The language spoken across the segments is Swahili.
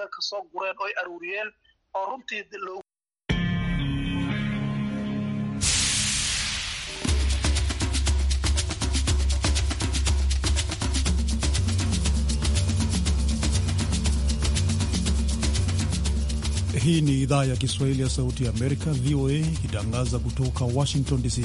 lacag ka soo gureen oo aruuriyeen oo runtii Hii ni idhaa ya Kiswahili ya Sauti ya Amerika, VOA, ikitangaza kutoka Washington DC.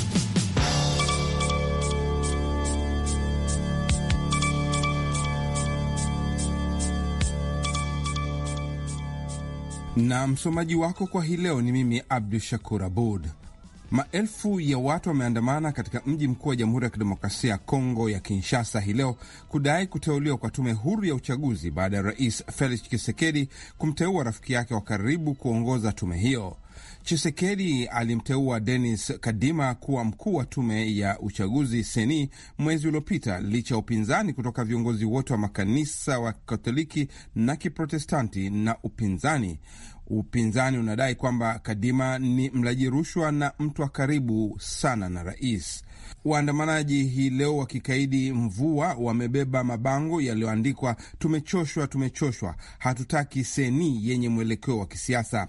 na msomaji wako kwa hii leo ni mimi Abdu Shakur Abud. Maelfu ya watu wameandamana katika mji mkuu wa Jamhuri ya Kidemokrasia ya Kongo ya Kinshasa hii leo kudai kuteuliwa kwa tume huru ya uchaguzi baada ya Rais Felix Tshisekedi kumteua rafiki yake wa karibu kuongoza tume hiyo. Chisekedi alimteua Denis Kadima kuwa mkuu wa tume ya uchaguzi seni mwezi uliopita, licha ya upinzani kutoka viongozi wote wa makanisa wa Katoliki na Kiprotestanti na upinzani upinzani unadai kwamba Kadima ni mlaji rushwa na mtu wa karibu sana na rais. Waandamanaji hii leo wakikaidi mvua wamebeba mabango yaliyoandikwa tumechoshwa, tumechoshwa, hatutaki seni yenye mwelekeo wa kisiasa.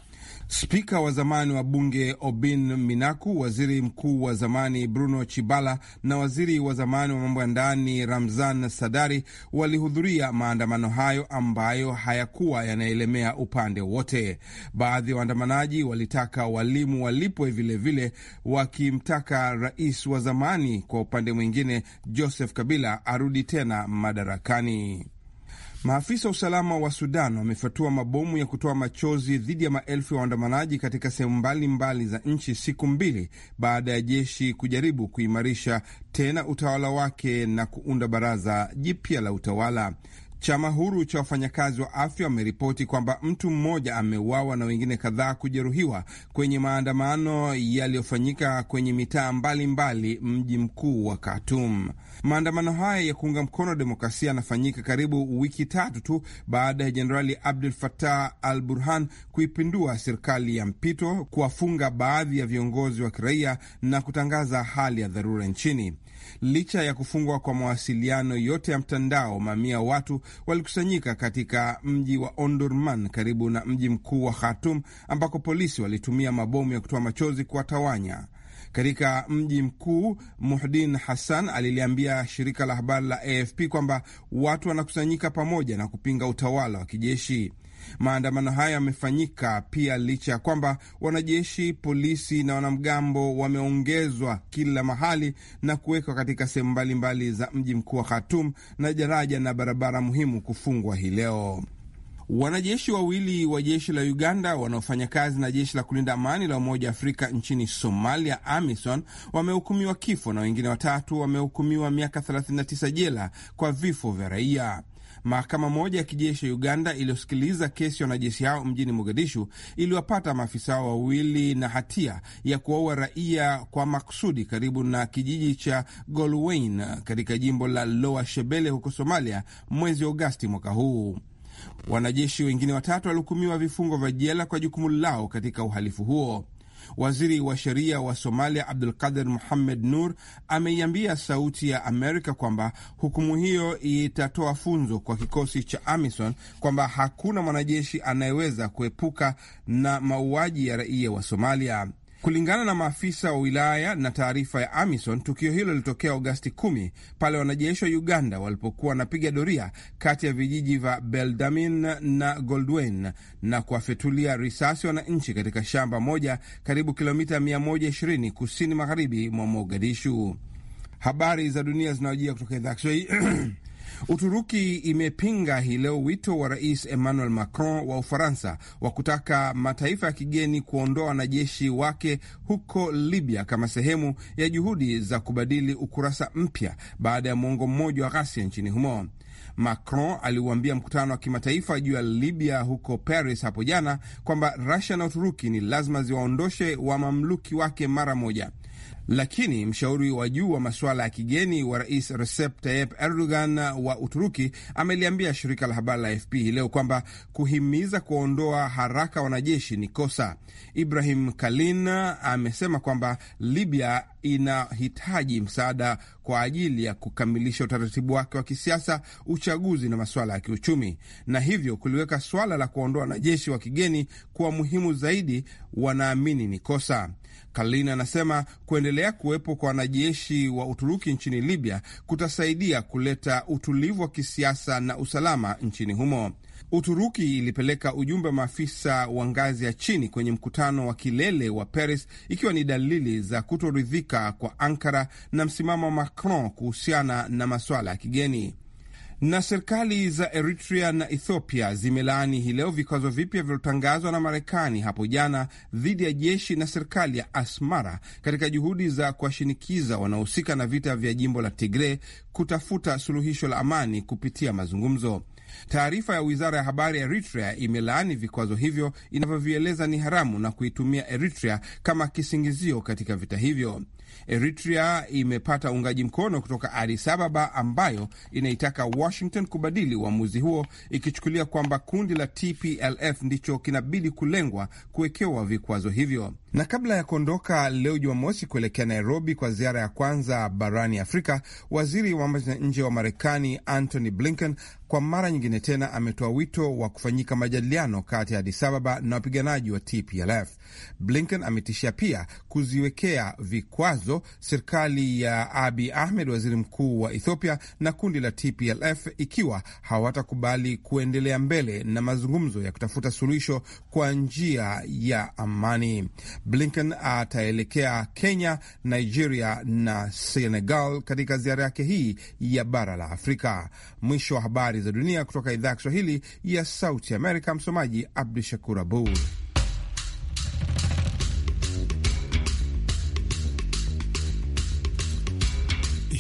Spika wa zamani wa bunge Obin Minaku, waziri mkuu wa zamani Bruno Chibala na waziri wa zamani wa mambo ya ndani Ramzan Sadari walihudhuria maandamano hayo ambayo hayakuwa yanaelemea upande wote. Baadhi ya waandamanaji walitaka walimu walipwe vilevile, wakimtaka rais wa zamani kwa upande mwingine Joseph Kabila arudi tena madarakani. Maafisa wa usalama wa Sudan wamefyatua mabomu ya kutoa machozi dhidi ya maelfu ya waandamanaji katika sehemu mbalimbali za nchi, siku mbili baada ya jeshi kujaribu kuimarisha tena utawala wake na kuunda baraza jipya la utawala. Chama huru cha wafanyakazi wa afya wameripoti kwamba mtu mmoja ameuawa na wengine kadhaa kujeruhiwa kwenye maandamano yaliyofanyika kwenye mitaa mbalimbali mji mkuu wa Khartoum. Maandamano haya ya kuunga mkono demokrasia yanafanyika karibu wiki tatu tu baada ya Jenerali Abdul fatah al Burhan kuipindua serikali ya mpito, kuwafunga baadhi ya viongozi wa kiraia na kutangaza hali ya dharura nchini. Licha ya kufungwa kwa mawasiliano yote ya mtandao, mamia watu walikusanyika katika mji wa Ondurman karibu na mji mkuu wa khatum ambako polisi walitumia mabomu ya kutoa machozi kuwatawanya. Katika mji mkuu, Muhdin Hassan aliliambia shirika la habari la AFP kwamba watu wanakusanyika pamoja na kupinga utawala wa kijeshi. Maandamano hayo yamefanyika pia licha ya kwamba wanajeshi, polisi na wanamgambo wameongezwa kila mahali na kuwekwa katika sehemu mbalimbali za mji mkuu wa Khartoum na daraja na barabara muhimu kufungwa hii leo. Wanajeshi wawili wa jeshi la Uganda wanaofanya kazi na jeshi la kulinda amani la Umoja wa Afrika nchini Somalia, AMISON, wamehukumiwa kifo na wengine watatu wamehukumiwa miaka 39 jela kwa vifo vya raia. Mahakama moja ya kijeshi ya Uganda iliyosikiliza kesi ya wanajeshi hao mjini Mogadishu iliwapata maafisa hao wawili na hatia ya kuwaua raia kwa makusudi karibu na kijiji cha Golwein katika jimbo la Lower Shebele huko Somalia mwezi Agosti mwaka huu. Wanajeshi wengine watatu walihukumiwa vifungo vya jela kwa jukumu lao katika uhalifu huo. Waziri wa sheria wa Somalia Abdulkadir muhammed Nur ameiambia Sauti ya Amerika kwamba hukumu hiyo itatoa funzo kwa kikosi cha AMISON kwamba hakuna mwanajeshi anayeweza kuepuka na mauaji ya raia wa Somalia. Kulingana na maafisa wa wilaya na taarifa ya AMISON, tukio hilo lilitokea Agosti 10 pale wanajeshi wa Uganda walipokuwa wanapiga doria kati ya vijiji vya Beldamin na goldwen na kuwafyatulia risasi wananchi katika shamba moja karibu kilomita 120 kusini magharibi mwa Mogadishu. Habari za dunia zinawajia kutoka idhaa Kiswahili Uturuki imepinga hii leo wito wa Rais Emmanuel Macron wa Ufaransa wa kutaka mataifa ya kigeni kuondoa wanajeshi wake huko Libya kama sehemu ya juhudi za kubadili ukurasa mpya baada ya mwongo mmoja wa ghasia nchini humo. Macron aliuambia mkutano wa kimataifa juu ya Libya huko Paris hapo jana kwamba rasia na Uturuki ni lazima ziwaondoshe wamamluki wake mara moja. Lakini mshauri wa juu wa masuala ya kigeni wa rais Recep Tayyip Erdogan wa Uturuki ameliambia shirika la habari la AFP hii leo kwamba kuhimiza kuondoa haraka wanajeshi ni kosa. Ibrahim Kalin amesema kwamba Libya inahitaji msaada kwa ajili ya kukamilisha utaratibu wake wa kisiasa, uchaguzi na masuala ya kiuchumi, na hivyo kuliweka suala la kuondoa wanajeshi wa kigeni kuwa muhimu zaidi, wanaamini ni kosa. Kalin anasema kuendelea kuwepo kwa wanajeshi wa Uturuki nchini Libya kutasaidia kuleta utulivu wa kisiasa na usalama nchini humo. Uturuki ilipeleka ujumbe wa maafisa wa ngazi ya chini kwenye mkutano wa kilele wa Paris ikiwa ni dalili za kutoridhika kwa Ankara na msimamo wa Macron kuhusiana na masuala ya kigeni. Na serikali za Eritrea na Ethiopia zimelaani hii leo vikwazo vipya vilivyotangazwa na Marekani hapo jana dhidi ya jeshi na serikali ya Asmara katika juhudi za kuwashinikiza wanaohusika na vita vya jimbo la Tigre kutafuta suluhisho la amani kupitia mazungumzo. Taarifa ya wizara ya habari ya Eritrea imelaani vikwazo hivyo inavyovieleza ni haramu na kuitumia Eritrea kama kisingizio katika vita hivyo. Eritrea imepata uungaji mkono kutoka Addis Ababa ambayo inaitaka Washington kubadili uamuzi huo ikichukulia kwamba kundi la TPLF ndicho kinabidi kulengwa kuwekewa vikwazo hivyo. Na kabla ya kuondoka leo Jumamosi kuelekea Nairobi kwa ziara ya kwanza barani Afrika, waziri wa mambo ya nje wa Marekani Antony Blinken kwa mara nyingine tena ametoa wito wa kufanyika majadiliano kati ya Addis Ababa na wapiganaji wa TPLF. Blinken ametishia pia kuziwekea vikwazo serikali ya Abi Ahmed, waziri mkuu wa Ethiopia, na kundi la TPLF ikiwa hawatakubali kuendelea mbele na mazungumzo ya kutafuta suluhisho kwa njia ya amani. Blinken ataelekea Kenya, Nigeria na Senegal katika ziara yake hii ya bara la Afrika. Mwisho wa habari za dunia kutoka idhaa ya Kiswahili ya Sauti Amerika. Msomaji Abdu Shakur Abud.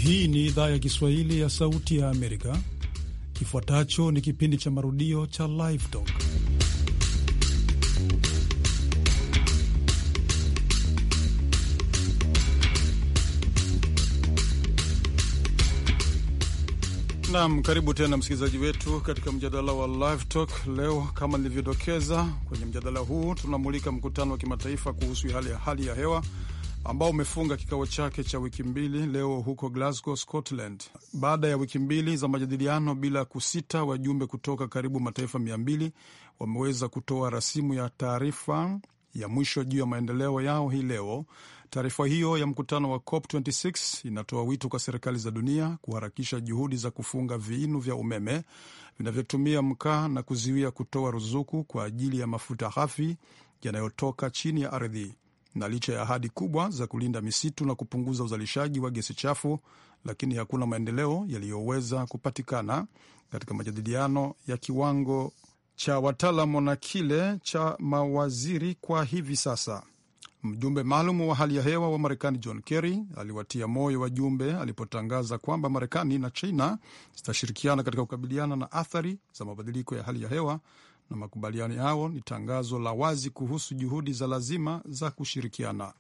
Hii ni idhaa ya Kiswahili ya Sauti ya Amerika. Kifuatacho ni kipindi cha marudio cha Live Talk. karibu tena msikilizaji wetu katika mjadala wa Live Talk. Leo kama nilivyodokeza, kwenye mjadala huu tunamulika mkutano wa kimataifa kuhusu hali ya hali ya hewa ambao umefunga kikao chake cha wiki mbili leo huko Glasgow, Scotland. Baada ya wiki mbili za majadiliano bila kusita, wajumbe kutoka karibu mataifa mia mbili wameweza kutoa rasimu ya taarifa ya mwisho juu ya maendeleo yao hii leo. Taarifa hiyo ya mkutano wa COP 26 inatoa wito kwa serikali za dunia kuharakisha juhudi za kufunga viinu vya umeme vinavyotumia mkaa na kuziwia kutoa ruzuku kwa ajili ya mafuta ghafi yanayotoka chini ya ardhi na licha ya ahadi kubwa za kulinda misitu na kupunguza uzalishaji wa gesi chafu, lakini hakuna maendeleo yaliyoweza kupatikana katika majadiliano ya kiwango cha wataalamu na kile cha mawaziri kwa hivi sasa. Mjumbe maalum wa hali ya hewa wa Marekani John Kerry aliwatia moyo wajumbe alipotangaza kwamba Marekani na China zitashirikiana katika kukabiliana na athari za mabadiliko ya hali ya hewa na makubaliano yao ni tangazo la wazi kuhusu juhudi za lazima za kushirikiana.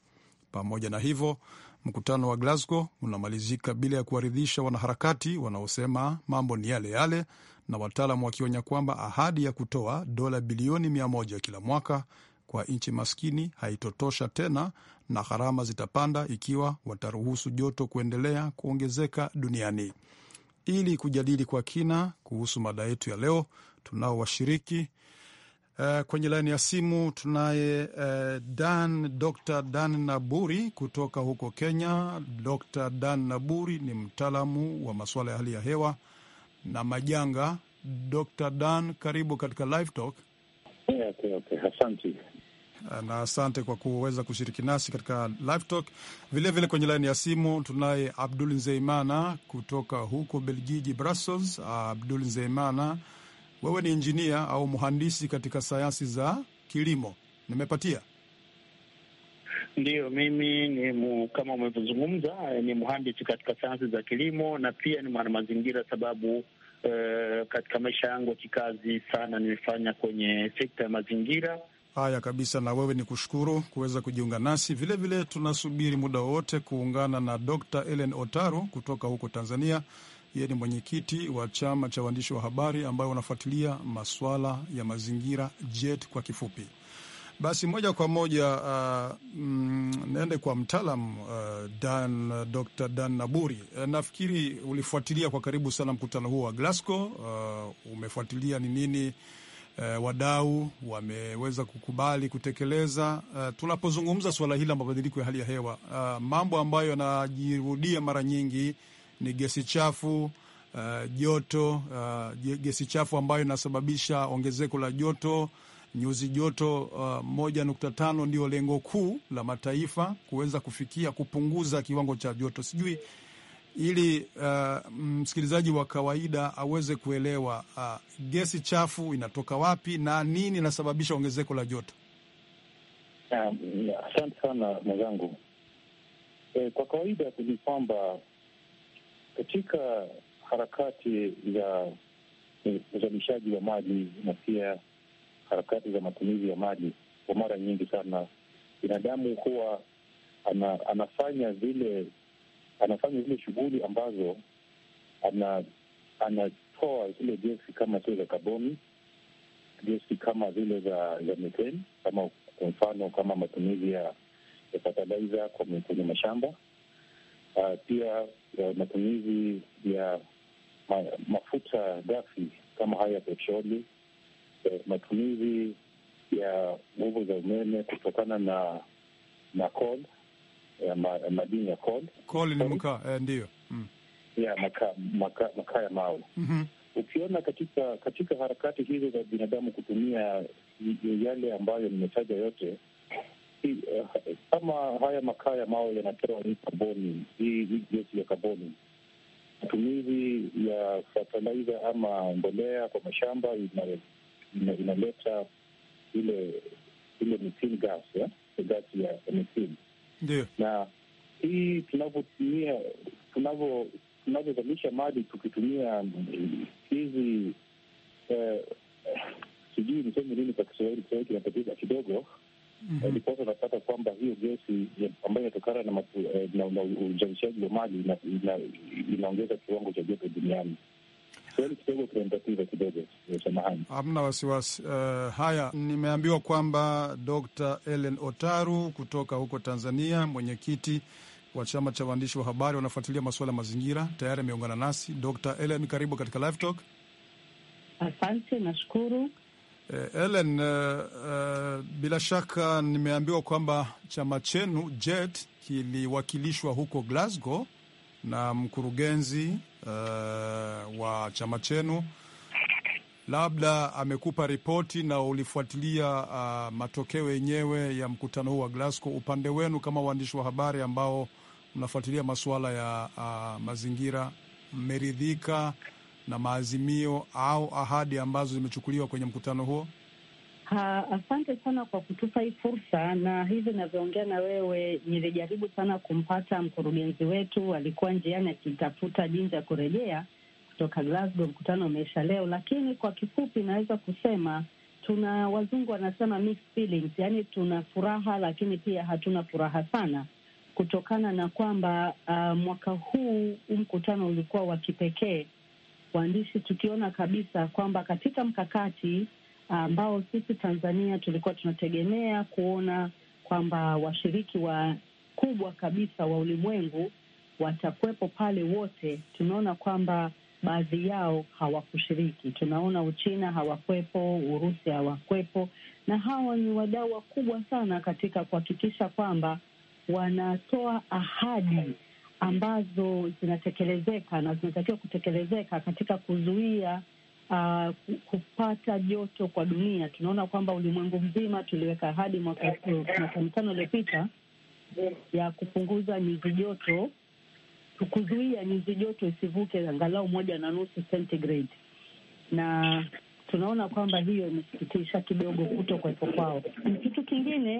Pamoja na hivyo, mkutano wa Glasgow unamalizika bila ya kuwaridhisha wanaharakati wanaosema mambo ni yale yale, na wataalam wakionya kwamba ahadi ya kutoa dola bilioni mia moja kila mwaka kwa nchi maskini haitotosha tena na gharama zitapanda ikiwa wataruhusu joto kuendelea kuongezeka duniani. Ili kujadili kwa kina kuhusu mada yetu ya leo, tunao washiriki Uh, kwenye laini ya simu tunaye uh, Dan Dr. Dan Naburi kutoka huko Kenya. Dr. Dan Naburi ni mtaalamu wa masuala ya hali ya hewa na majanga. Dr. Dan, karibu katika Live Talk. okay, okay. Asante eh, na asante kwa kuweza kushiriki nasi katika Live Talk. Vilevile kwenye laini ya simu tunaye Abdul Nzeimana kutoka huko Belgiji, Brussels. Ah, Abdul Nzeimana wewe ni injinia au mhandisi katika sayansi za kilimo, nimepatia? Ndiyo, mimi ni mu, kama umevyozungumza ni mhandisi katika sayansi za kilimo na pia ni mwanamazingira, sababu eh, katika maisha yangu ya kikazi sana nimefanya kwenye sekta ya mazingira. Haya kabisa, na wewe ni kushukuru kuweza kujiunga nasi vilevile. Tunasubiri muda wowote kuungana na Dr. Ellen Otaru kutoka huko Tanzania yeye ni mwenyekiti wa chama cha waandishi wa habari ambayo wanafuatilia maswala ya mazingira, JET kwa kifupi. Basi moja kwa moja uh, mm, naende kwa mtaalam uh, Dan, uh, Dr. Dan Naburi. Uh, nafikiri ulifuatilia kwa karibu sana mkutano huo wa Glasgow. Uh, umefuatilia ni nini uh, wadau wameweza kukubali kutekeleza. Uh, tunapozungumza suala hili la mabadiliko ya hali ya hewa, uh, mambo ambayo yanajirudia mara nyingi ni gesi chafu uh, joto uh, gesi chafu ambayo inasababisha ongezeko la joto nyuzi joto uh, moja nukta tano ndio lengo kuu la mataifa kuweza kufikia kupunguza kiwango cha joto. Sijui ili uh, msikilizaji wa kawaida aweze kuelewa uh, gesi chafu inatoka wapi na nini inasababisha ongezeko la joto. Asante um, sana mwenzangu. E, kwa kawaida ni kwamba katika harakati za uzalishaji wa mali na pia harakati za matumizi ya mali. Kwa mara nyingi sana binadamu huwa ana, anafanya zile anafanya zile shughuli ambazo ana, anatoa zile gesi kama zile za kaboni, gesi kama zile za za kama kwa mfano kama matumizi ya ya fertilizer kwenye mashamba. Uh, pia ya matumizi ya ma, mafuta ghafi kama haya petroli, eh, matumizi ya nguvu za umeme kutokana na na coal, ya ma, madini ya coal. Coal ni mkaa eh, ndiyo mm. ya makaa maka, maka ya mawe mm -hmm. Ukiona katika katika harakati hizo za binadamu kutumia yale ambayo nimetaja yote Eh, kama haya makaa ya mawe yanatoa hii kaboni, hii gesi ya kaboni, matumizi ya fataliza ama mbolea kwa mashamba inaleta ile ile methane gas ya eh, gasi ya methane. Ndio, na hii tunavyotumia tunavyozalisha mali tukitumia hizi eh, sijui niseme nini kwa Kiswahili, Kiswahili kinatatiza kidogo mm -hmm. Unapata kwamba hiyo gesi ambayo inatokana na, eh, na, na uzalishaji wa mali inaongeza kiwango cha joto duniani. kidogo kidogo, Hamna wasiwasi. Uh, haya, nimeambiwa kwamba Dr. Ellen Otaru kutoka huko Tanzania, mwenyekiti wa chama cha waandishi wa habari wanafuatilia masuala ya mazingira, tayari ameungana nasi. Dr. Ellen, karibu katika Live Talk. Asante, nashukuru. Eh, Ellen, uh, uh, bila shaka nimeambiwa kwamba chama chenu JET kiliwakilishwa huko Glasgow na mkurugenzi uh, wa chama chenu, labda amekupa ripoti na ulifuatilia uh, matokeo yenyewe ya mkutano huu wa Glasgow, upande wenu kama waandishi wa habari ambao mnafuatilia masuala ya uh, mazingira, mmeridhika na maazimio au ahadi ambazo zimechukuliwa kwenye mkutano huo? Ha, asante sana kwa kutupa hii fursa, na hivi inavyoongea na wewe, nilijaribu sana kumpata mkurugenzi wetu, alikuwa njiani akitafuta jinsi ya kurejea kutoka Glasgow. Mkutano umeisha leo, lakini kwa kifupi naweza kusema tuna wazungu wanasema mixed feelings, tuna furaha lakini pia hatuna furaha sana, kutokana na kwamba uh, mwaka huu mkutano ulikuwa wa kipekee waandishi tukiona kabisa kwamba katika mkakati ambao sisi Tanzania tulikuwa tunategemea kuona kwamba washiriki wakubwa kabisa wa ulimwengu watakuwepo pale wote, tunaona kwamba baadhi yao hawakushiriki. Tunaona Uchina hawakwepo, Urusi hawakwepo, na hawa ni wadau wakubwa sana katika kuhakikisha kwamba wanatoa ahadi ambazo zinatekelezeka na zinatakiwa kutekelezeka katika kuzuia uh, kupata joto kwa dunia. Tunaona kwamba ulimwengu mzima tuliweka ahadi mwaka mitano iliyopita ya kupunguza nyuzi joto, kuzuia nyuzi joto isivuke angalau moja na nusu centigrade, na tunaona kwamba hiyo imesikitisha kidogo kuto kuwepo kwao. Kitu kingine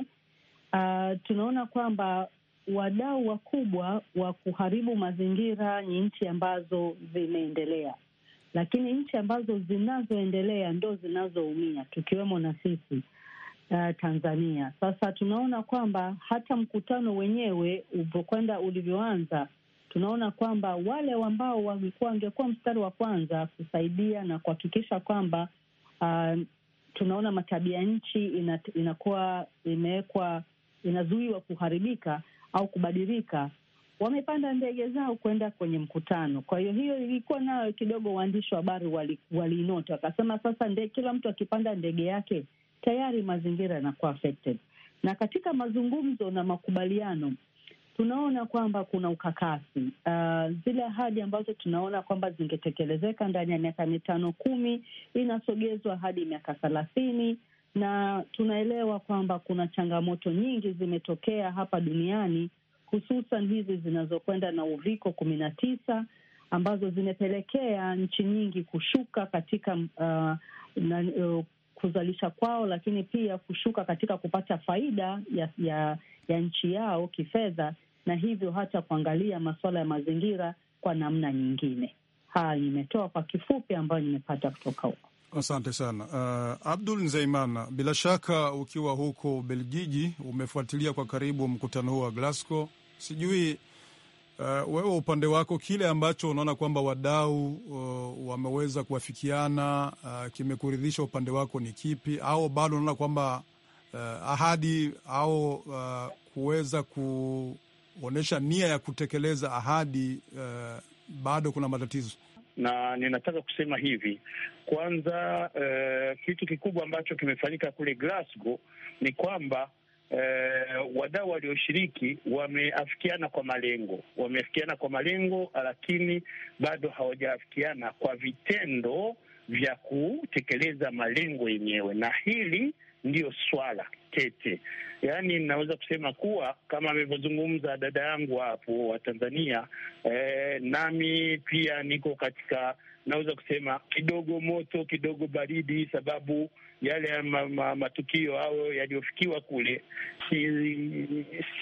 uh, tunaona kwamba wadau wakubwa wa kuharibu mazingira ni nchi ambazo zimeendelea, lakini nchi ambazo zinazoendelea ndo zinazoumia tukiwemo na sisi uh, Tanzania. Sasa tunaona kwamba hata mkutano wenyewe ulivyokwenda ulivyoanza, tunaona kwamba wale ambao wamekuwa wangekuwa mstari wa kwanza kusaidia na kuhakikisha kwamba uh, tunaona matabia nchi inakuwa imewekwa inazuiwa kuharibika au kubadilika, wamepanda ndege zao kwenda kwenye mkutano. Kwa hiyo hiyo ilikuwa nayo kidogo, waandishi wa habari walinota, wali wakasema, sasa nde, kila mtu akipanda ndege yake tayari mazingira yanakuwa affected. Na katika mazungumzo na makubaliano tunaona kwamba kuna ukakasi uh, zile ahadi ambazo tunaona kwamba zingetekelezeka ndani ya miaka mitano kumi inasogezwa hadi miaka thelathini na tunaelewa kwamba kuna changamoto nyingi zimetokea hapa duniani, hususan hizi zinazokwenda na uviko kumi na tisa ambazo zimepelekea nchi nyingi kushuka katika uh, na, uh, kuzalisha kwao, lakini pia kushuka katika kupata faida ya, ya, ya nchi yao kifedha, na hivyo hata kuangalia masuala ya mazingira kwa namna nyingine. Haya nimetoa kwa kifupi ambayo nimepata kutoka huko. Asante sana uh, Abdul Nzeimana, bila shaka ukiwa huko Ubelgiji umefuatilia kwa karibu mkutano huu wa Glasgow. Sijui uh, wewe upande wako kile ambacho unaona kwamba wadau uh, wameweza kuafikiana uh, kimekuridhisha upande wako ni kipi, au bado unaona kwamba uh, ahadi au uh, kuweza kuonyesha nia ya kutekeleza ahadi uh, bado kuna matatizo? na ninataka kusema hivi kwanza, Uh, kitu kikubwa ambacho kimefanyika kule Glasgow ni kwamba uh, wadau walioshiriki wameafikiana kwa malengo, wameafikiana kwa malengo, lakini bado hawajaafikiana kwa vitendo vya kutekeleza malengo yenyewe, na hili ndiyo swala tete. Yaani, ninaweza kusema kuwa kama amevyozungumza dada yangu hapo wa Tanzania eh, nami pia niko katika, naweza kusema kidogo moto kidogo baridi, sababu yale ma, ma, matukio hayo yaliyofikiwa kule,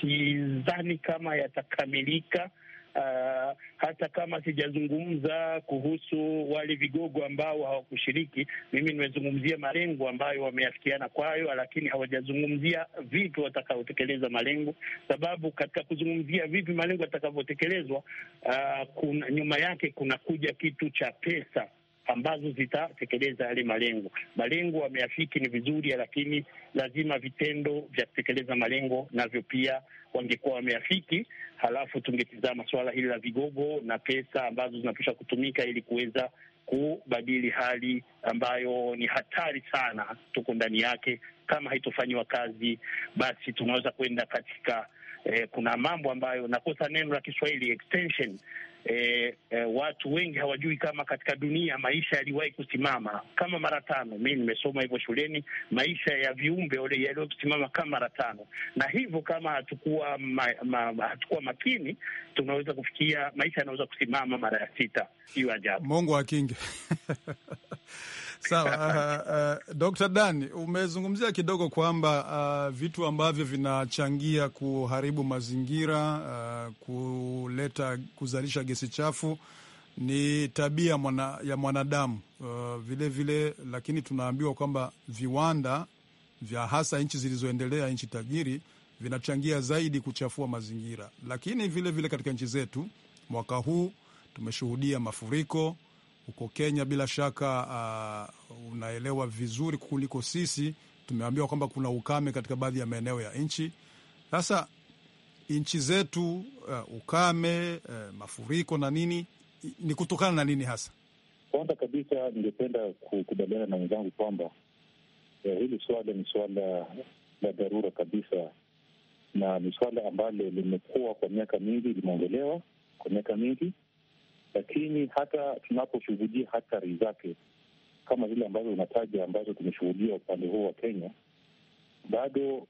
sidhani si kama yatakamilika Uh, hata kama sijazungumza kuhusu wale vigogo ambao hawakushiriki, mimi nimezungumzia malengo ambayo wameafikiana kwayo, lakini hawajazungumzia vipi watakaotekeleza malengo, sababu katika kuzungumzia vipi malengo yatakavyotekelezwa, uh, nyuma yake kuna kuja kitu cha pesa ambazo zitatekeleza yale malengo. Malengo wameafiki ni vizuri, lakini lazima vitendo vya kutekeleza malengo navyo pia wangekuwa wameafiki, halafu tungetizama suala hili la vigogo na pesa ambazo zinatosha kutumika ili kuweza kubadili hali ambayo ni hatari sana tuko ndani yake. Kama haitofanyiwa kazi, basi tunaweza kwenda katika eh, kuna mambo ambayo nakosa neno la Kiswahili extension E, e, watu wengi hawajui kama katika dunia maisha yaliwahi kusimama kama mara tano. Mi nimesoma hivyo shuleni, maisha ya viumbe yaliwai yaliwahi kusimama kama mara tano, na hivyo kama hatukuwa ma, ma, hatukuwa makini, tunaweza kufikia maisha yanaweza kusimama mara ya sita. Hiyo ajabu, Mungu akinge Sawa. Uh, uh, Dr. Dan, umezungumzia kidogo kwamba uh, vitu ambavyo vinachangia kuharibu mazingira uh, kuleta kuzalisha gesi chafu ni tabia mwana, ya mwanadamu vilevile uh, vile, lakini tunaambiwa kwamba viwanda vya hasa nchi zilizoendelea, nchi tajiri vinachangia zaidi kuchafua mazingira, lakini vilevile vile katika nchi zetu mwaka huu tumeshuhudia mafuriko huko Kenya bila shaka uh, unaelewa vizuri kuliko sisi. Tumeambiwa kwamba kuna ukame katika baadhi ya maeneo ya nchi. Sasa nchi zetu uh, ukame uh, mafuriko na nini ni kutokana na nini hasa? Kwanza kabisa ningependa kukubaliana na wenzangu kwamba eh, hili suala ni suala la dharura kabisa, na ni suala ambalo limekuwa kwa miaka mingi, limeongelewa kwa miaka mingi lakini hata tunaposhuhudia hatari zake kama zile ambazo unataja ambazo tumeshuhudia upande huo wa Kenya, bado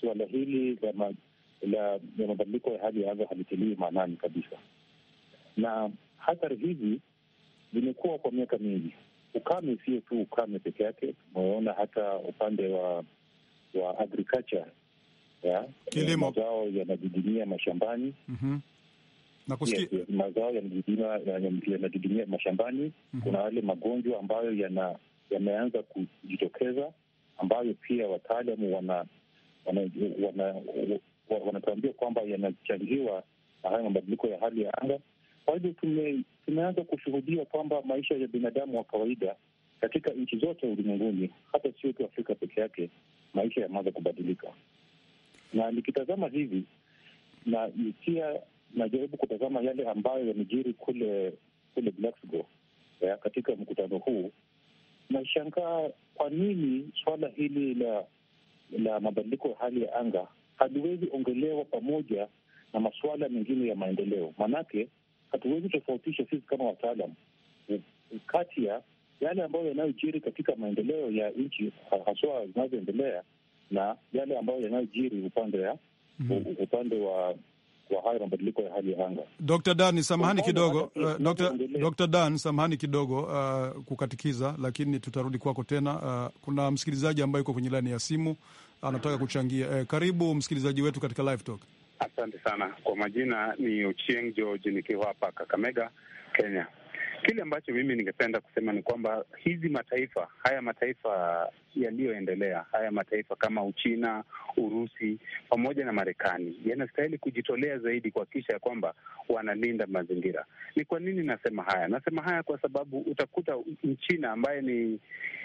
suala hili la mabadiliko ya hali ya anga halitiliwi maanani kabisa, na hatari hizi zimekuwa kwa miaka mingi. Ukame sio tu ukame peke yake, tumeona hata upande wa wa agriculture ya mazao yanadidimia mashambani. mm -hmm. Yes, yes. Mazao yanadidimia mashambani. mm -hmm. Kuna yale magonjwa ambayo yana yameanza kujitokeza ambayo pia wataalamu wana wanatuambia wana, wana, wana kwamba yanachangiwa na haya mabadiliko ya hali ya anga. Kwa hivyo tume, tumeanza kushuhudia kwamba maisha ya binadamu wa kawaida katika nchi zote ulimwenguni, hata sio tu Afrika peke yake, maisha yameanza kubadilika. Na nikitazama hivi na nikia najaribu kutazama yale ambayo yamejiri kule kule Glasgow ya, katika mkutano huu nashangaa kwa nini suala hili la la mabadiliko ya hali ya anga haliwezi ongelewa pamoja na masuala mengine ya maendeleo. Maanake hatuwezi tofautisha sisi kama wataalam kati ya yale ambayo yanayojiri katika maendeleo ya nchi haswa zinazoendelea na yale ambayo yanayojiri upande ya mm -hmm. upande wa kwa hayo mabadiliko ya hali ya anga. Dr. Eh, Dan, samahani kidogo, Dr. Dan, samahani kidogo uh, eh, kukatikiza, lakini tutarudi kwako tena. Uh, kuna msikilizaji ambaye yuko kwenye laini ya simu anataka kuchangia. Uh, karibu msikilizaji wetu katika Live Talk. Asante sana. Kwa majina ni Uchieng George, nikiwa hapa Kakamega, Kenya. Kile ambacho mimi ningependa kusema ni kwamba hizi mataifa haya mataifa yaliyoendelea haya mataifa kama Uchina, Urusi pamoja na Marekani yanastahili kujitolea zaidi kuhakikisha ya kwamba wanalinda mazingira. Ni kwa nini nasema haya? Nasema haya kwa sababu utakuta Mchina ambaye ni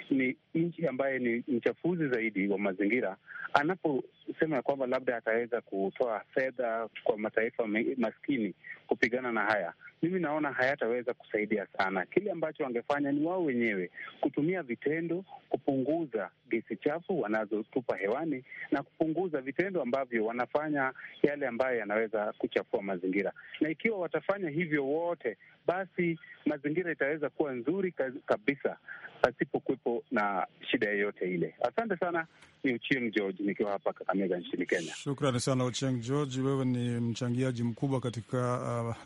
ni nchi ambaye ni mchafuzi zaidi wa mazingira anaposema ya kwamba labda ataweza kutoa fedha kwa mataifa maskini kupigana na haya, mimi naona hayataweza kusaidia sana. Kile ambacho wangefanya ni wao wenyewe kutumia vitendo kupunguza kupunguza gesi chafu wanazotupa hewani na kupunguza vitendo ambavyo wanafanya yale ambayo yanaweza kuchafua mazingira. Na ikiwa watafanya hivyo wote, basi mazingira itaweza kuwa nzuri kabisa pasipokuwepo na shida yoyote ile. Asante sana. Ni Uchieng George nikiwa hapa Kakamega nchini Kenya. Shukrani sana Uchieng George, wewe ni mchangiaji mkubwa katika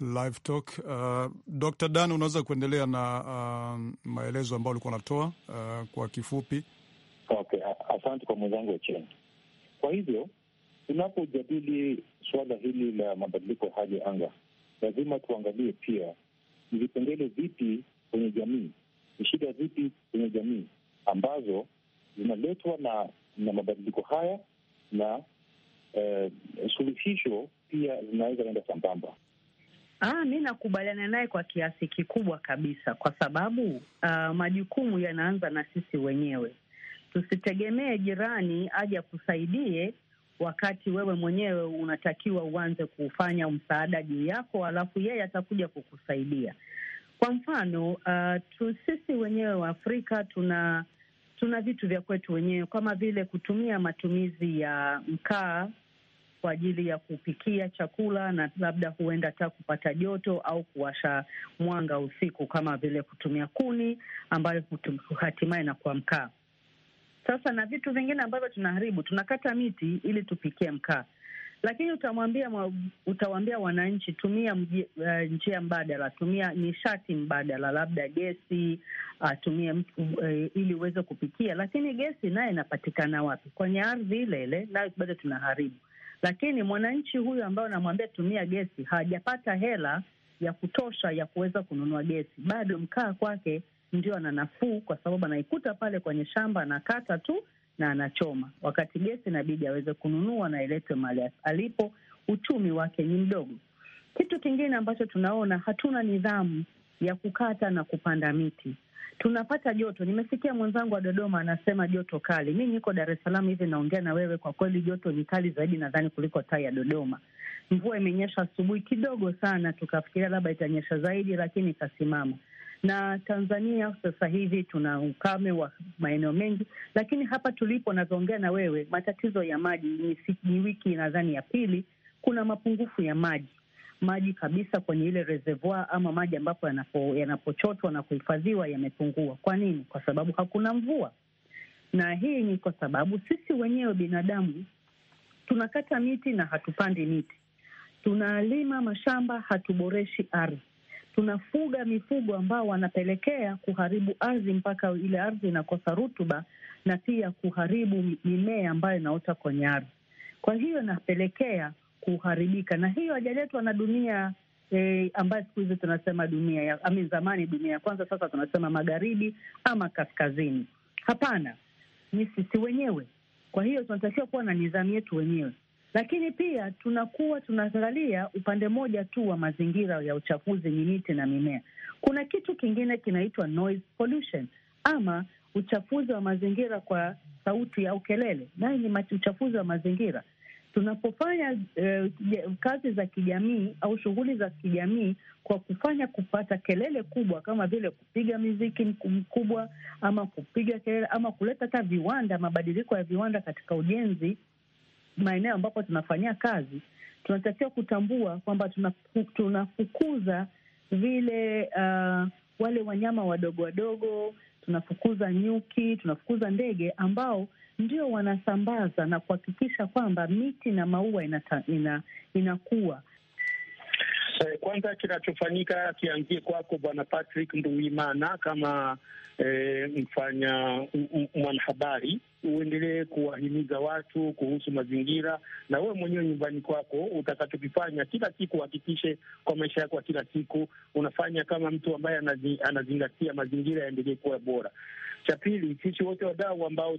uh, live talk. Uh, Dr Dan, unaweza kuendelea na uh, maelezo ambayo ulikuwa unatoa uh, kwa kifupi asante kwa mwenzangu Ochieng. Kwa hivyo tunapojadili suala hili la mabadiliko ya hali ya anga, lazima tuangalie pia ni vipengele vipi kwenye jamii, ni shida zipi kwenye jamii ambazo zinaletwa na na mabadiliko haya na eh, suluhisho pia zinaweza enda sambamba. Ah, mi nakubaliana naye kwa kiasi kikubwa kabisa, kwa sababu uh, majukumu yanaanza na sisi wenyewe. Tusitegemee jirani aje akusaidie wakati wewe mwenyewe unatakiwa uanze kufanya msaada juu yako, alafu yeye atakuja kukusaidia. Kwa mfano uh, sisi wenyewe wa Afrika tuna tuna vitu vya kwetu wenyewe kama vile kutumia matumizi ya mkaa kwa ajili ya kupikia chakula, na labda huenda hata kupata joto au kuwasha mwanga usiku, kama vile kutumia kuni ambayo hatimaye inakuwa mkaa sasa na vitu vingine ambavyo tunaharibu. Tunakata miti ili tupikie mkaa, lakini utamwambia utawaambia wananchi tumia mjie, uh, njia mbadala, tumia nishati mbadala, labda gesi uh, tumie uh, ili uweze kupikia, lakini gesi naye inapatikana wapi? Kwenye ardhi ile ile, nayo bado tunaharibu. Lakini mwananchi huyu ambayo namwambia tumia gesi hajapata hela ya kutosha ya kuweza kununua gesi, bado mkaa kwake ndio ana nafuu, kwa sababu anaikuta pale kwenye shamba, anakata tu na anachoma, wakati gesi inabidi aweze kununua na iletwe mahali alipo. Uchumi wake ni mdogo. Kitu kingine ambacho tunaona, hatuna nidhamu ya kukata na kupanda miti. Tunapata joto. Nimesikia mwenzangu wa Dodoma anasema joto kali. Mi niko Dar es Salaam hivi naongea na wewe, kwa kweli joto ni kali zaidi nadhani kuliko tai ya Dodoma. Mvua imenyesha asubuhi kidogo sana, tukafikiria labda itanyesha zaidi, lakini ikasimama na Tanzania sasa hivi tuna ukame wa maeneo mengi, lakini hapa tulipo navyoongea na wewe, matatizo ya maji ni, ni wiki nadhani ya pili, kuna mapungufu ya maji maji kabisa kwenye ile reservoir ama maji ambapo yanapo, yanapochotwa na kuhifadhiwa yamepungua. Kwa nini? Kwa sababu hakuna mvua, na hii ni kwa sababu sisi wenyewe binadamu tunakata miti na hatupandi miti, tunalima mashamba, hatuboreshi ardhi tunafuga mifugo ambao wanapelekea kuharibu ardhi mpaka ile ardhi inakosa rutuba na pia kuharibu mimea ambayo inaota kwenye ardhi. Kwa hiyo inapelekea kuharibika, na hiyo hajaletwa na dunia eh, ambayo siku hizi tunasema dunia ya ami, zamani dunia ya kwanza, sasa tunasema magharibi ama kaskazini. Hapana, ni sisi wenyewe. Kwa hiyo tunatakiwa kuwa na nidhamu yetu wenyewe. Lakini pia tunakuwa tunaangalia upande mmoja tu wa mazingira ya uchafuzi ni miti na mimea. Kuna kitu kingine kinaitwa noise pollution ama uchafuzi wa mazingira kwa sauti au kelele, naye ni uchafuzi wa mazingira. Tunapofanya eh, kazi za kijamii au shughuli za kijamii kwa kufanya kupata kelele kubwa, kama vile kupiga miziki mkubwa ama kupiga kelele ama kuleta hata viwanda, mabadiliko ya viwanda katika ujenzi maeneo ambapo tunafanyia kazi, tunatakiwa kutambua kwamba tunafukuza vile uh, wale wanyama wadogo wadogo, tunafukuza nyuki, tunafukuza ndege ambao ndio wanasambaza na kuhakikisha kwamba miti na maua inata, ina, inakuwa Eh, kwanza kinachofanyika kianzie kwako Bwana Patrick nduimana kama eh, mfanya mwanahabari, uendelee kuwahimiza watu kuhusu mazingira, na wewe mwenyewe nyumbani kwako utakachokifanya kila siku, uhakikishe kwa maisha yako kila siku unafanya kama mtu ambaye anazi, anazingatia mazingira yaendelee kuwa bora. Cha pili, sisi wote wadau ambao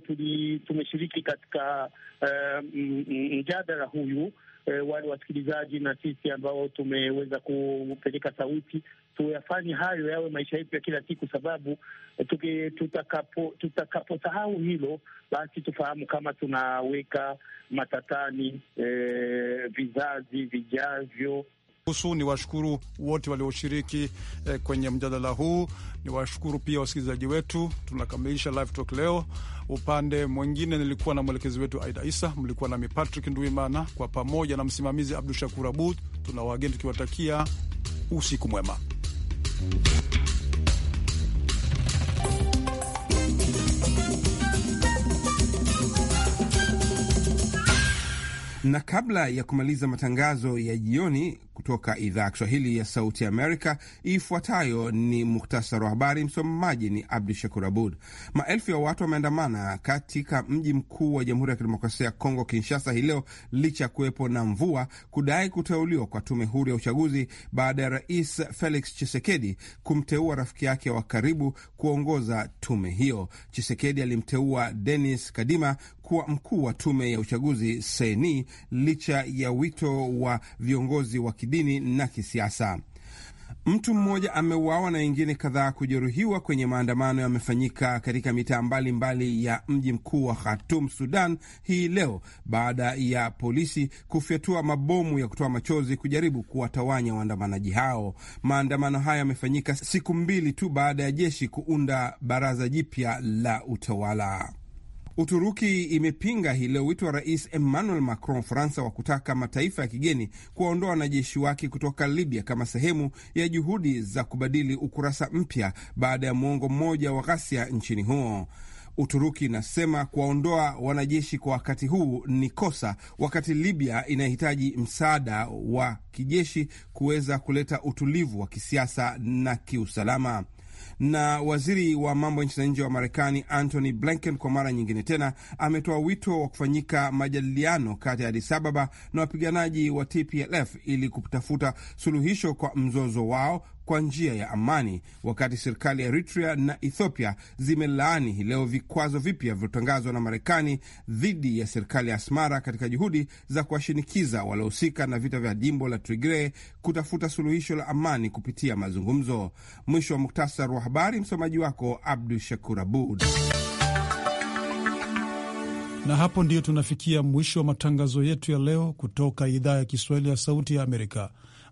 tumeshiriki katika uh, mjadala huyu eh, wale wasikilizaji na sisi ambao tumeweza kupeleka sauti, tuyafanye hayo yawe maisha yetu ya kila siku, sababu eh, tutakaposahau tutakapo hilo, basi tufahamu kama tunaweka matatani eh, vizazi vijavyo husu. Ni washukuru wote walioshiriki eh, kwenye mjadala huu. Ni washukuru pia wasikilizaji wetu. Tunakamilisha live talk leo. Upande mwingine nilikuwa na mwelekezi wetu Aida Isa, mlikuwa nami Patrick Nduimana kwa pamoja na msimamizi Abdu Shakur Abud. Tuna wageni tukiwatakia usiku mwema. Na kabla ya kumaliza matangazo ya jioni kutoka idhaa ya Kiswahili ya Sauti Amerika. Ifuatayo ni muhtasari wa habari. Msomaji ni Abdu Shakur Abud. Maelfu ya watu wameandamana katika mji mkuu wa Jamhuri ya Kidemokrasia ya Kongo, Kinshasa, hii leo licha ya kuwepo na mvua, kudai kuteuliwa kwa tume huru ya uchaguzi baada ya Rais Felix Chisekedi kumteua rafiki yake wa karibu kuongoza tume hiyo. Chisekedi alimteua Denis Kadima kuwa mkuu wa tume ya uchaguzi seni licha ya wito wa viongozi wa kidini na kisiasa. Mtu mmoja ameuawa na wengine kadhaa kujeruhiwa kwenye maandamano yamefanyika katika mitaa mbalimbali ya mji mkuu wa Khartoum, Sudan hii leo baada ya polisi kufyatua mabomu ya kutoa machozi kujaribu kuwatawanya waandamanaji hao. Maandamano hayo yamefanyika siku mbili tu baada ya jeshi kuunda baraza jipya la utawala. Uturuki imepinga hii leo wito wa Rais Emmanuel Macron Fransa wa kutaka mataifa ya kigeni kuwaondoa wanajeshi wake kutoka Libya kama sehemu ya juhudi za kubadili ukurasa mpya baada ya mwongo mmoja wa ghasia nchini humo. Uturuki inasema kuwaondoa wanajeshi kwa wakati huu ni kosa, wakati Libya inahitaji msaada wa kijeshi kuweza kuleta utulivu wa kisiasa na kiusalama. Na waziri wa mambo ya nchi za nje wa Marekani Antony Blinken kwa mara nyingine tena ametoa wito wa kufanyika majadiliano kati ya adisababa Ababa na wapiganaji wa TPLF ili kutafuta suluhisho kwa mzozo wao kwa njia ya amani, wakati serikali ya Eritrea na Ethiopia zimelaani hii leo vikwazo vipya vilivyotangazwa na Marekani dhidi ya serikali ya Asmara katika juhudi za kuwashinikiza waliohusika na vita vya jimbo la tigre kutafuta suluhisho la amani kupitia mazungumzo. Mwisho wa muktasar wa habari, msomaji wako Abdu Shakur Abud. Na hapo ndiyo tunafikia mwisho wa matangazo yetu ya leo kutoka idhaa ya Kiswahili ya Sauti ya Amerika.